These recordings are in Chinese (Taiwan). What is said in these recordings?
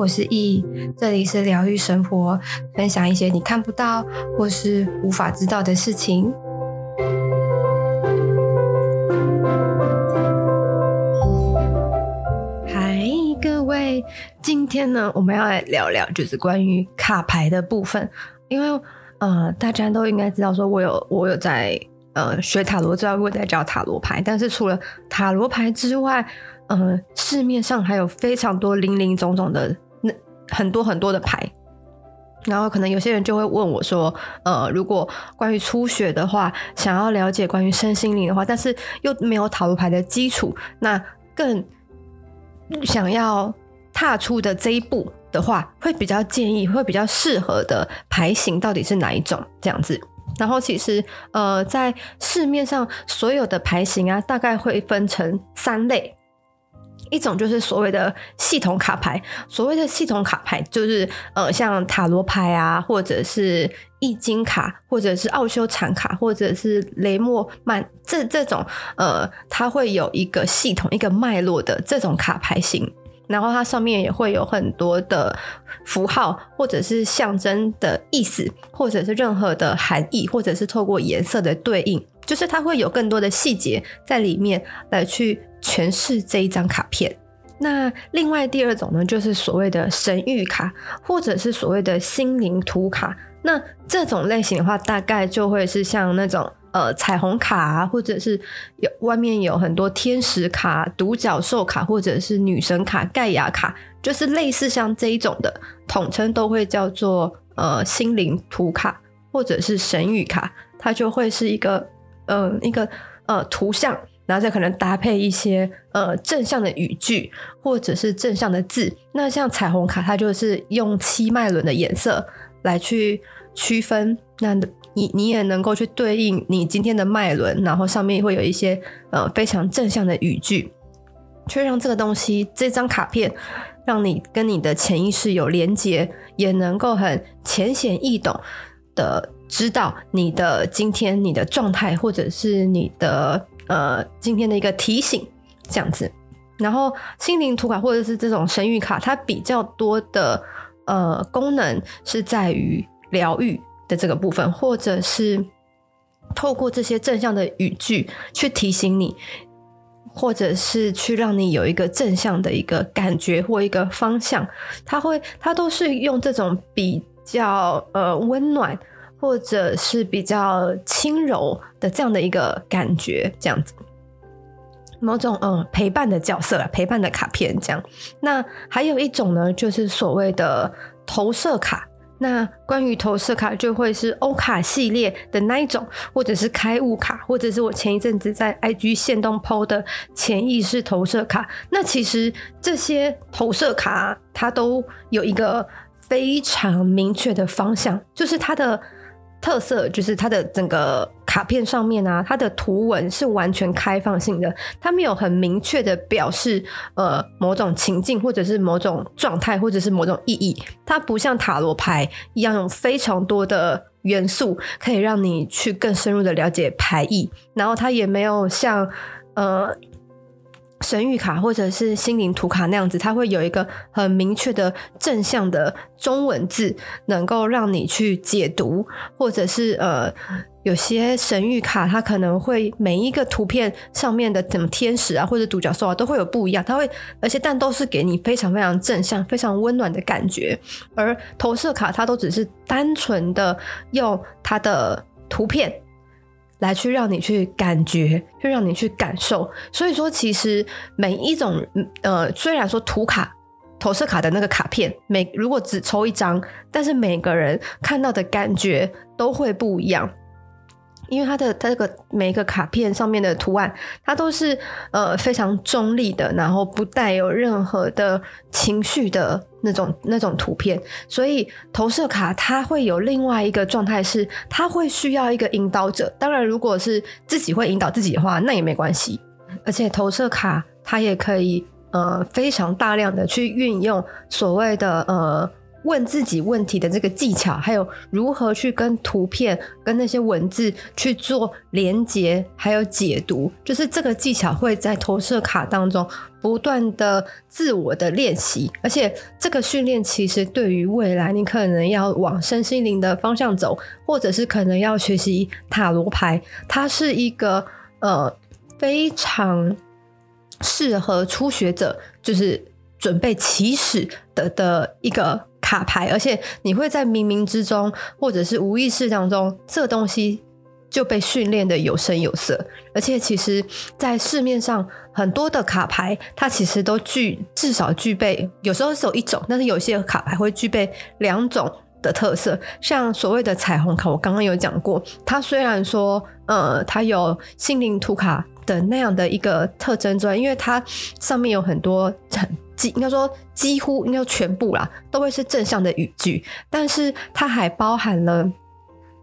我是易、e，這裡是療癒生活，分享一些你看不到或是無法知道的事情。嗨，各位，今天呢，我們要來聊聊就是關於卡牌的部分，因為呃，大家都應該知道，說我有我有在呃學塔羅之外，知道我在教塔羅牌，但是除了塔羅牌之外，呃，市面上還有非常多林林總總的。那很多很多的牌，然後可能有些人就會問我說，呃，如果關於初學的話，想要了解關於身心靈的話，但是又沒有塔羅牌的基礎，那更想要踏出的這一步的話，會比較建議，會比較適合的牌型到底是哪一種？這樣子。然後其實，呃，在市面上所有的牌型啊，大概會分成三類。一種就是所謂的系統卡牌，所謂的系統卡牌就是呃，像塔羅牌啊，或者是易經卡，或者是奧修禪卡，或者是雷莫曼這這種呃，它會有一個系統、一個脈絡的這種卡牌型，然後它上面也會有很多的符號或者是象徵的意思，或者是任何的含義，或者是透過顏色的對應，就是它會有更多的細節在裡面來去。詮釋這一張卡片。那另外第二種呢，就是所謂的神諭卡，或者是所謂的心靈圖卡。那這種類型的話，大概就會是像那種呃彩虹卡啊，或者是有外面有很多天使卡、獨角獸卡，或者是女神卡、蓋亞卡，就是類似像這一種的，統稱都會叫做呃心靈圖卡，或者是神諭卡。它就會是一個呃一個呃圖像，然後再可能搭配一些呃正向的語句或者是正向的字，那像彩虹卡，它就是用七脈輪的顏色來去區分。那你你也能夠去對應你今天的脈輪，然後上面會有一些呃非常正向的語句，去讓這個東西、這張卡片讓你跟你的潛意識有連接，也能夠很淺顯易懂的知道你的今天、你的狀態或者是你的。呃，今天的一個提醒這樣子，然後心靈圖卡或者是這種神諭卡，它比較多的呃功能是在於療癒的這個部分，或者是透過這些正向的語句去提醒你，或者是去讓你有一個正向的一個感覺或一個方向，它會它都是用這種比較呃溫暖。或者是比較輕柔的這樣的一個感覺，這樣子，某種嗯陪伴的角色了，陪伴的卡片這樣。那還有一種呢，就是所謂的投射卡。那關於投射卡，就會是歐卡系列的那一種，或者是開悟卡，或者是我前一陣子在 IG 限動 po 的潛意識投射卡。那其實這些投射卡，它都有一個非常明確的方向，就是它的。特色就是它的整個卡片上面啊，它的圖文是完全開放性的，它沒有很明確的表示呃某種情境，或者是某種狀態，或者是某種意義，它不像塔羅牌一樣有非常多的元素可以讓你去更深入的了解牌意，然後它也沒有像呃。神諭卡或者是心靈圖卡那樣子，它會有一個很明確的正向的中文字，能夠讓你去解讀，或者是呃，有些神諭卡它可能會每一個圖片上面的什麼天使啊或者獨角獸啊都會有不一樣，它會而且但都是給你非常非常正向、非常溫暖的感覺，而投射卡它都只是單純的用它的圖片。來去讓你去感覺，去讓你去感受。所以說，其實每一種呃，雖然說圖卡、投射卡的那個卡片，每如果只抽一張，但是每個人看到的感覺都會不一樣，因為它的它這個每一個卡片上面的圖案，它都是呃非常中立的，然後不帶有任何的情緒的。那種那種圖片，所以投射卡它會有另外一個狀態，是它會需要一個引導者。當然，如果是自己會引導自己的話，那也沒關係。而且投射卡它也可以呃非常大量的去運用所謂的呃。問自己問題的這個技巧，還有如何去跟圖片、跟那些文字去做連接，還有解讀，就是這個技巧會在投射卡當中不斷的自我的練習，而且這個訓練其實對於未來你可能要往身心靈的方向走，或者是可能要學習塔羅牌，它是一個呃非常適合初學者，就是準備起始的的一個。卡牌，而且你會在冥冥之中，或者是無意識當中，這東西就被訓練的有聲有色。而且，其實，在市面上很多的卡牌，它其實都具至少具備，有時候只有一種，但是有些卡牌會具備兩種的特色。像所謂的彩虹卡，我剛剛有講過，它雖然說，呃、嗯，它有心靈圖卡的那樣的一個特徵之外，因為它上面有很多很應該說幾乎應該全部啦，都會是正向的語句。但是它還包含了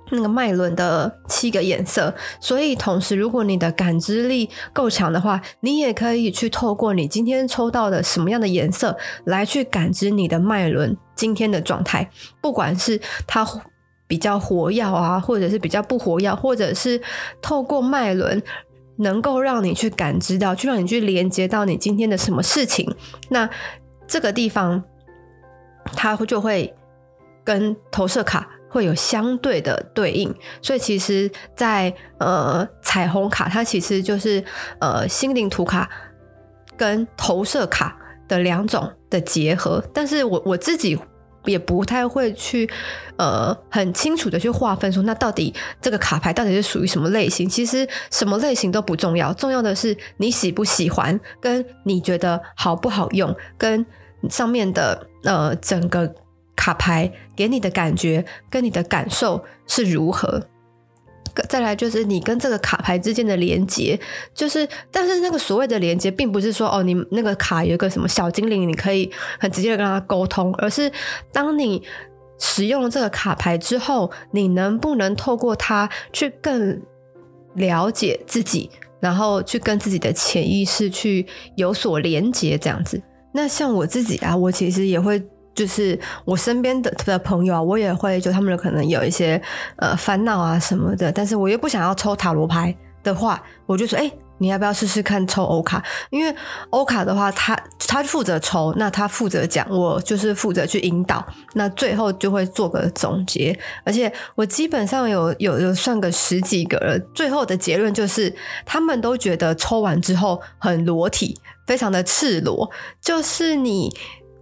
那個脈輪的七個顏色，所以同時，如果你的感知力夠強的話，你也可以去透過你今天抽到的什麼樣的顏色來去感知你的脈輪今天的狀態，不管是它比較活躍啊，或者是比較不活躍，或者是透過脈輪。能夠讓你去感知到，去讓你去連接到你今天的什麼事情，那這個地方它就會跟投射卡會有相對的對應。所以其實在呃彩虹卡，它其實就是呃心靈圖卡跟投射卡的兩種的結合。但是我我自己。也不太會去，呃，很清楚的去劃分說，那到底這個卡牌到底是屬於什麼類型？其實什麼類型都不重要，重要的是你喜不喜歡，跟你覺得好不好用，跟上面的呃整個卡牌給你的感覺跟你的感受是如何。再來就是你跟這個卡牌之間的連接，就是但是那個所謂的連接，並不是說哦，你那個卡有一個什麼小精靈，你可以很直接的跟他溝通，而是當你使用這個卡牌之後，你能不能透過它去更了解自己，然後去跟自己的潛意識去有所連接，這樣子。那像我自己啊，我其實也會。就是我身邊的的朋友啊，我也會就他們可能有一些呃煩惱啊什麼的，但是我又不想要抽塔羅牌的話，我就說，哎、欸，你要不要試試看抽歐卡？因為歐卡的話，他他負責抽，那他負責講，我就是負責去引導，那最後就會做個總結。而且我基本上有有有算個十幾個了，最後的結論就是，他們都覺得抽完之後很裸體，非常的赤裸，就是你。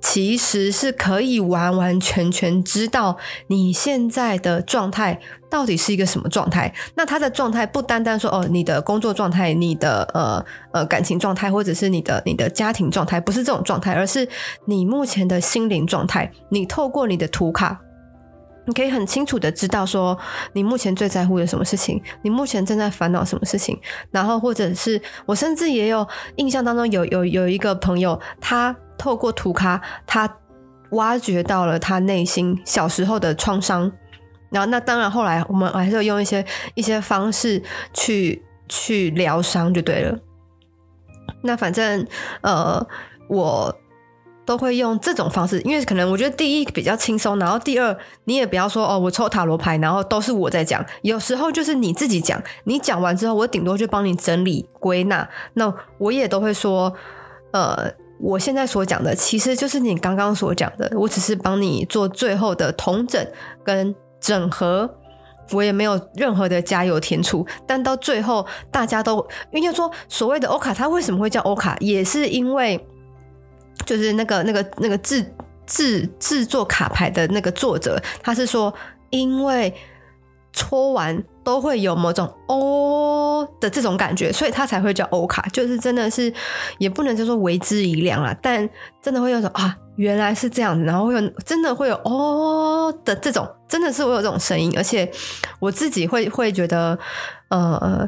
其實是可以完完全全知道你現在的狀態到底是一個什麼狀態。那他的狀態不單單說哦，你的工作狀態、你的呃呃感情狀態，或者是你的你的家庭狀態，不是這種狀態，而是你目前的心靈狀態。你透過你的圖卡，你可以很清楚的知道說，你目前最在乎的什麼事情，你目前正在煩惱什麼事情。然後，或者是我甚至也有印象當中有有有一個朋友，他。透過圖卡，他挖掘到了他內心小時候的創傷。然後，那當然後來，我們還是要用一些一些方式去去療傷，就對了。那反正，呃，我都會用這種方式，因為可能我覺得第一比較輕鬆，然後第二，你也不要說哦，我抽塔羅牌，然後都是我在講。有時候就是你自己講，你講完之後，我頂多就幫你整理歸納。那我也都會說，呃。我現在所講的，其實就是你剛剛所講的。我只是幫你做最後的統整跟整合，我也沒有任何的加油添醋。但到最後，大家都應該說，所謂的歐卡，它為什麼會叫歐卡，也是因為就是那個那個那個制制製作卡牌的那個作者，他是說因為。搓完都會有某種“哦”的這種感覺，所以他才會叫哦卡，就是真的是也不能叫做為之一亮啊，但真的會有種啊，原來是這樣，然後會有真的會有“哦”的這種，真的是我有這種聲音，而且我自己會會覺得，呃，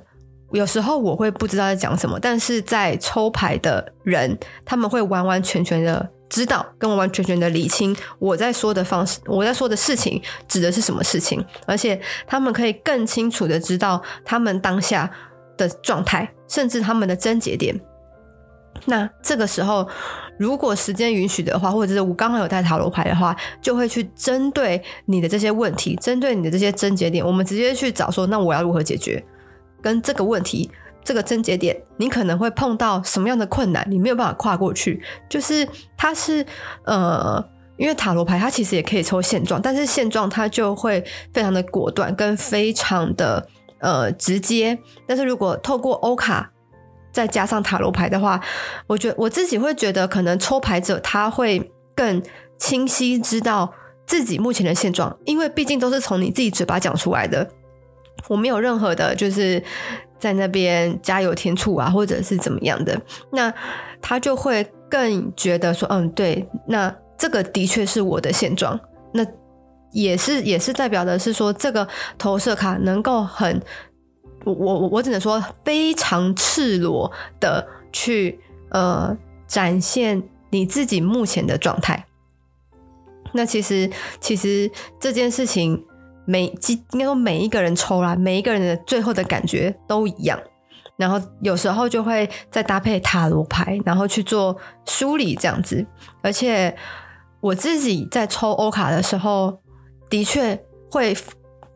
有時候我會不知道在講什麼，但是在抽牌的人他們會完完全全的知道跟我完完全全的理清我在說的方式，我在說的事情指的是什麼事情，而且他們可以更清楚的知道他們當下的狀態，甚至他們的症結點。那這個時候，如果時間允許的話，或者是我剛好有帶塔羅牌的話，就會去針對你的這些問題，針對你的這些症結點，我們直接去找說，那我要如何解決跟這個問題。這個症結點，你可能會碰到什麼樣的困難，你沒有辦法跨過去？就是它是呃，因為塔羅牌它其實也可以抽現狀，但是現狀它就會非常的果斷跟非常的呃直接。但是如果透過歐卡再加上塔羅牌的話，我覺我自己會覺得，可能抽牌者他會更清晰知道自己目前的現狀，因為畢竟都是從你自己嘴巴講出來的。我沒有任何的，就是在那邊加油添醋啊，或者是怎麼樣的，那他就會更覺得說，嗯，對，那這個的確是我的現狀，那也是也是代表的是說，這個投射卡能夠很，我我我只能說非常赤裸的去呃展現你自己目前的狀態。那其實其實這件事情。每，應該說每一個人抽啦，每一個人的最後的感覺都一樣。然後有時候就會再搭配塔羅牌，然後去做梳理這樣子。而且我自己在抽歐卡的時候，的確會，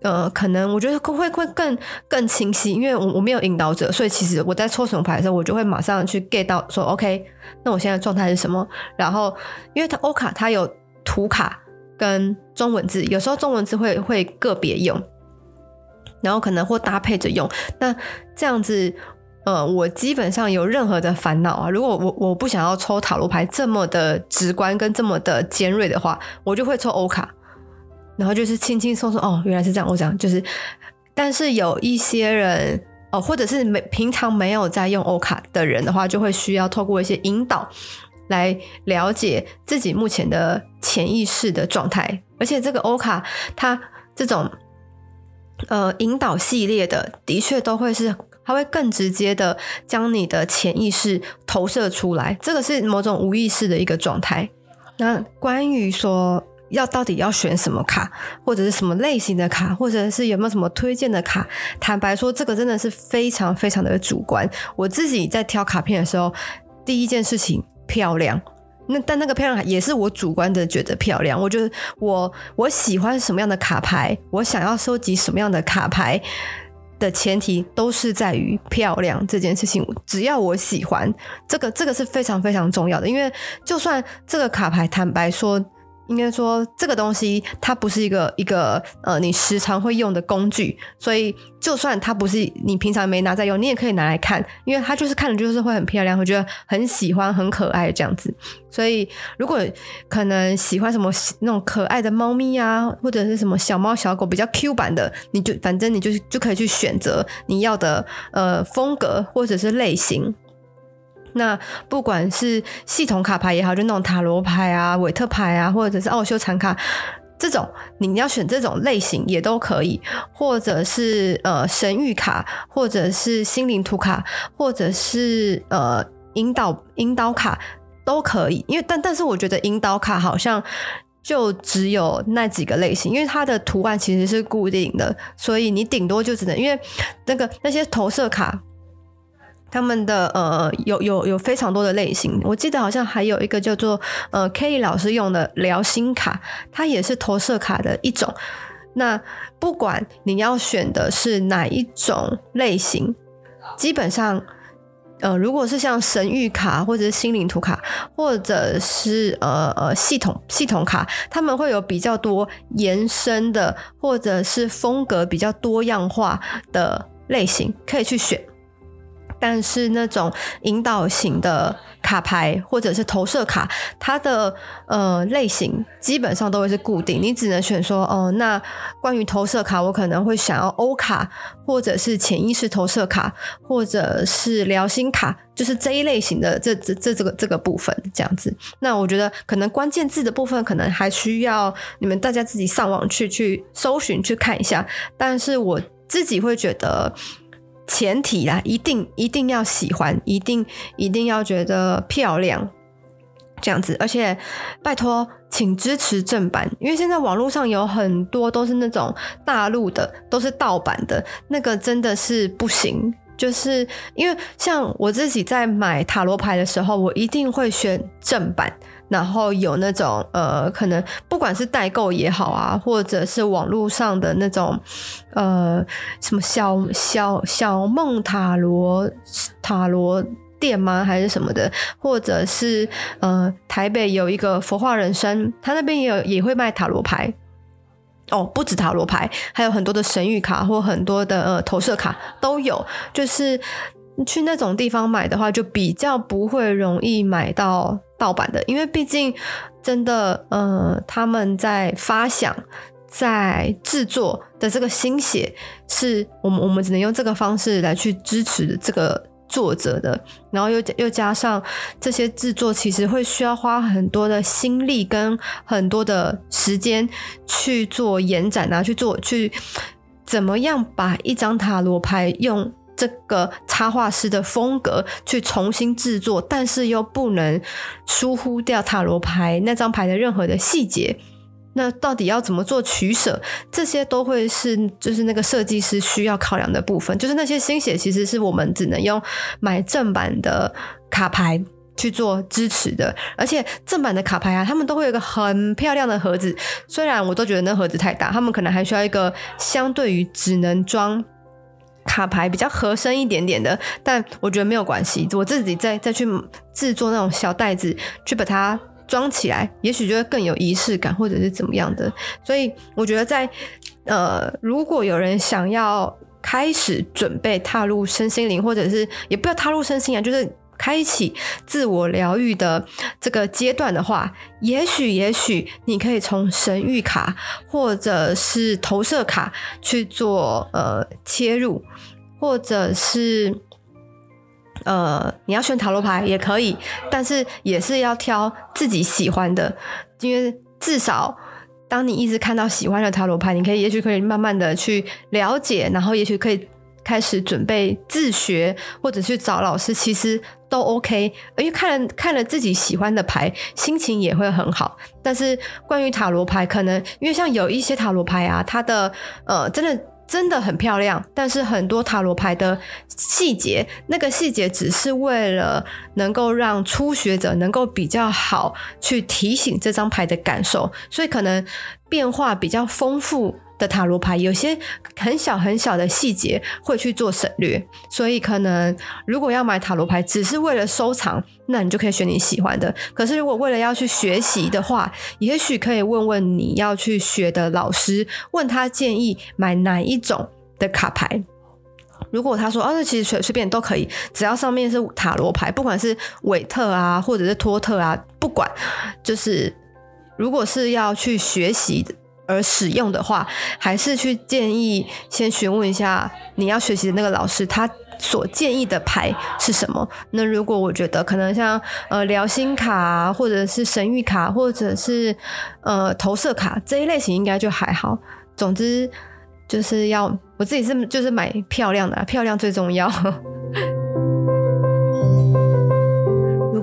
呃，可能我覺得會會更更清晰，因為我我沒有引導者，所以其實我在抽什麼牌的時候，我就會馬上去 get 到說，OK，那我現在狀態是什麼？然後，因為他歐卡他有圖卡。跟中文字，有時候中文字會會個別用，然後可能或搭配着用。那這樣子，呃，我基本上有任何的煩惱啊，如果我我不想要抽塔羅牌這麼的直觀跟這麼的尖銳的話，我就會抽歐卡，然後就是輕輕鬆鬆哦，原來是這樣，我想就是，但是有一些人哦，或者是沒平常沒有在用歐卡的人的話，就會需要透過一些引導。來了解自己目前的潛意識的狀態，而且這個歐卡它這種呃引導系列的，的確都會是它會更直接的將你的潛意識投射出來，這個是某種無意識的一個狀態。那關於說要到底要選什麼卡，或者是什麼類型的卡，或者是有沒有什麼推薦的卡？坦白說，這個真的是非常非常的主觀。我自己在挑卡片的時候，第一件事情。漂亮，那但那個漂亮也是我主觀的覺得漂亮。我覺得我我喜歡什麼樣的卡牌，我想要收集什麼樣的卡牌的前提都是在於漂亮這件事情。只要我喜歡，這個這個是非常非常重要的。因為就算這個卡牌，坦白說。應該說，這個東西它不是一個一個呃，你時常會用的工具，所以就算它不是你平常沒拿在用，你也可以拿來看，因為它就是看了就是會很漂亮，會覺得很喜歡、很可愛這樣子。所以如果可能喜歡什麼那種可愛的貓咪啊，或者是什麼小貓小狗比較 Q 版的，你就反正你就就可以去選擇你要的呃風格或者是類型。那不管是系統卡牌也好，就那種塔羅牌啊、韋特牌啊，或者是奧修禪卡這種，你要選這種類型也都可以。或者是呃神諭卡，或者是心靈圖卡，或者是呃引導引導卡都可以。因為但但是我覺得引導卡好像就只有那幾個類型，因為它的圖案其實是固定的，所以你頂多就只能因為那個那些投射卡。他們的呃有有有非常多的類型，我記得好像還有一個叫做呃 Kelly 老師用的療心卡，它也是投射卡的一種。那不管你要選的是哪一種類型，基本上呃如果是像神諭卡或者是心靈圖卡，或者是呃呃系統系統卡，他們會有比較多延伸的或者是風格比較多樣化的類型可以去選。但是那種引導型的卡牌或者是投射卡，它的呃類型基本上都會是固定，你只能選說哦、呃，那關於投射卡，我可能會想要歐卡，或者是潛意識投射卡，或者是療心卡，就是這一類型的這這這，這個這個部分這樣子。那我覺得可能關鍵字的部分可能還需要你們大家自己上網去去搜尋去看一下，但是我自己會覺得。前提啦，一定一定要喜歡，一定一定要覺得漂亮，這樣子。而且，拜託，請支持正版，因為現在網絡上有很多都是那種大陸的，都是盜版的，那個真的是不行。就是因為像我自己在買塔羅牌的時候，我一定會選正版。然後有那種呃，可能不管是代購也好啊，或者是網絡上的那種呃，什麼小小小孟塔羅塔羅店嗎？還是什麼的？或者是呃，台北有一個佛化人生，他那邊也有也會賣塔羅牌。哦，不止塔羅牌，還有很多的神諭卡或很多的呃投射卡都有，就是。去那種地方買的話，就比較不會容易買到盜版的，因為畢竟真的，呃，他們在發想、在製作的這個心血，是我們我們只能用這個方式來去支持這個作者的。然後又又加上這些製作，其實會需要花很多的心力跟很多的時間去做延展啊，去做去怎麼樣把一張塔羅牌用。這個插畫師的風格去重新制作，但是又不能疏忽掉塔羅牌那張牌的任何的細節。那到底要怎麼做取舍？這些都會是就是那個設計師需要考量的部分。就是那些心血，其實是我們只能用買正版的卡牌去做支持的。而且正版的卡牌啊，他們都會有一個很漂亮的盒子。雖然我都覺得那盒子太大，他們可能還需要一個相對於只能裝。卡牌比較合身一點點的，但我覺得沒有關係，我自己再再去製作那種小袋子，去把它裝起來，也許就會更有儀式感，或者是怎麼樣的。所以我覺得在，在呃，如果有人想要開始準備踏入身心靈，或者是也不要踏入身心啊，就是。開啟自我療癒的這個階段的話，也許也許你可以從神諭卡或者是投射卡去做呃切入，或者是呃你要選塔羅牌也可以，但是也是要挑自己喜歡的，因為至少當你一直看到喜歡的塔羅牌，你可以也許可以慢慢的去了解，然後也許可以開始準備自學或者去找老師，其實。都 OK，因為看了看了自己喜歡的牌，心情也會很好。但是關於塔羅牌，可能因為像有一些塔羅牌啊，它的呃，真的真的很漂亮。但是很多塔羅牌的細節，那個細節只是為了能夠讓初學者能夠比較好去提醒這張牌的感受，所以可能變化比較豐富。的塔羅牌有些很小很小的細節會去做省略，所以可能如果要買塔羅牌只是為了收藏，那你就可以選你喜歡的。可是如果為了要去學習的話，也許可以問問你要去學的老師，問他建議買哪一種的卡牌。如果他說哦，那其實隨隨便都可以，只要上面是塔羅牌，不管是韋特啊或者是托特啊，不管就是如果是要去學習的。而使用的話，還是去建議先詢問一下你要學習的那個老師，他所建議的牌是什麼。那如果我覺得可能像呃聊心卡，或者是神諭卡，或者是呃投射卡這一類型，應該就還好。總之就是要我自己是就是買漂亮的，啊，漂亮最重要。